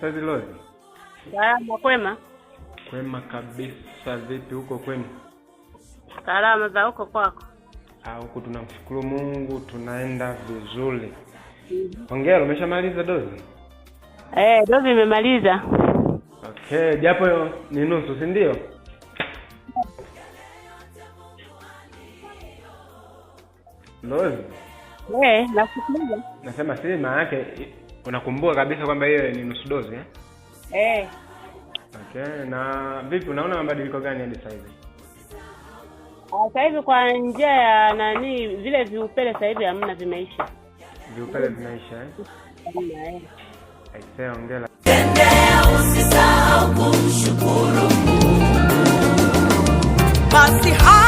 Sazilozi salama, kwema kwema kabisa. Vipi huko kwenu? Salama za huko kwako? Ah, huku tunamshukuru Mungu, tunaenda vizuri. Hongera, mhm. umeshamaliza dozi? Eh, dozi imemaliza. Okay, japo ni nusu, si ndio? Dozi Eh, Nasema si maana yake unakumbuka kabisa kwamba hiyo ni nusu dozi eh? Eh. Okay, na vipi unaona mabadiliko gani hadi sasa hivi? Ah, sasa hivi kwa njia ya nani vile viupele sasa hivi hamna vimeisha. Viupele vimeisha eh? Hamna eh. Usisahau kumshukuru Mungu. Basi